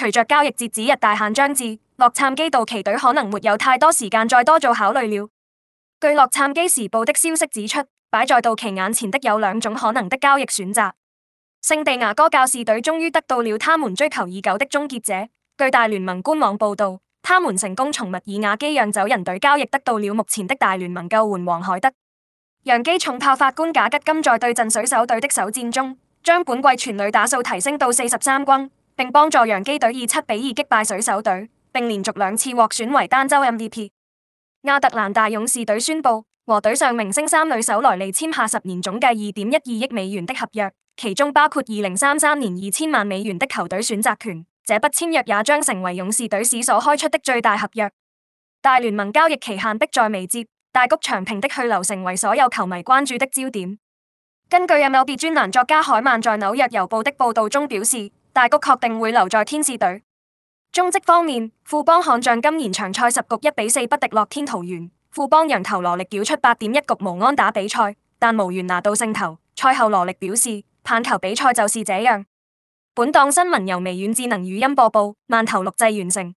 隨着交易截止日大限將至，洛杉磯道奇隊可能沒有太多時間再多做考慮了。據洛杉磯時報的消息指出，擺在道奇眼前的有兩種可能的交易選擇。聖地牙哥教士隊終於得到了他們追求已久的終結者。據大聯盟官網報道，他們成功從密爾瓦基讓走人隊交易得到了目前的大聯盟救援王海德。洋基重炮法官賈吉金在對陣水手隊的首戰中，將本季全壘打數提升到四十三轟。並幫助洋基隊以七比二擊敗水手隊，並連續兩次獲選為單週 MVP。亞特蘭大勇士隊宣布和隊上明星三壘手萊利簽下十年總計二點一二億美元的合約，其中包括二零三三年二千萬美元的球隊選擇權。這筆簽約也將成為勇士隊史所開出的最大合約。大聯盟交易期限迫，迫在眉睫，大谷長平的去留成為所有球迷關注的焦點。根據 MLB 專欄作家海曼在《紐約郵報》的報道中表示。大谷確定會留在天使隊。中職方面，富邦悍將今延長賽十局一比四不敵樂天桃猿，富邦洋投羅力繳出八點一局無安打比賽，但無緣拿到勝投。賽後羅力表示，棒球比賽就是這樣。本檔新聞由微軟智能語音播報，慢投錄製完成。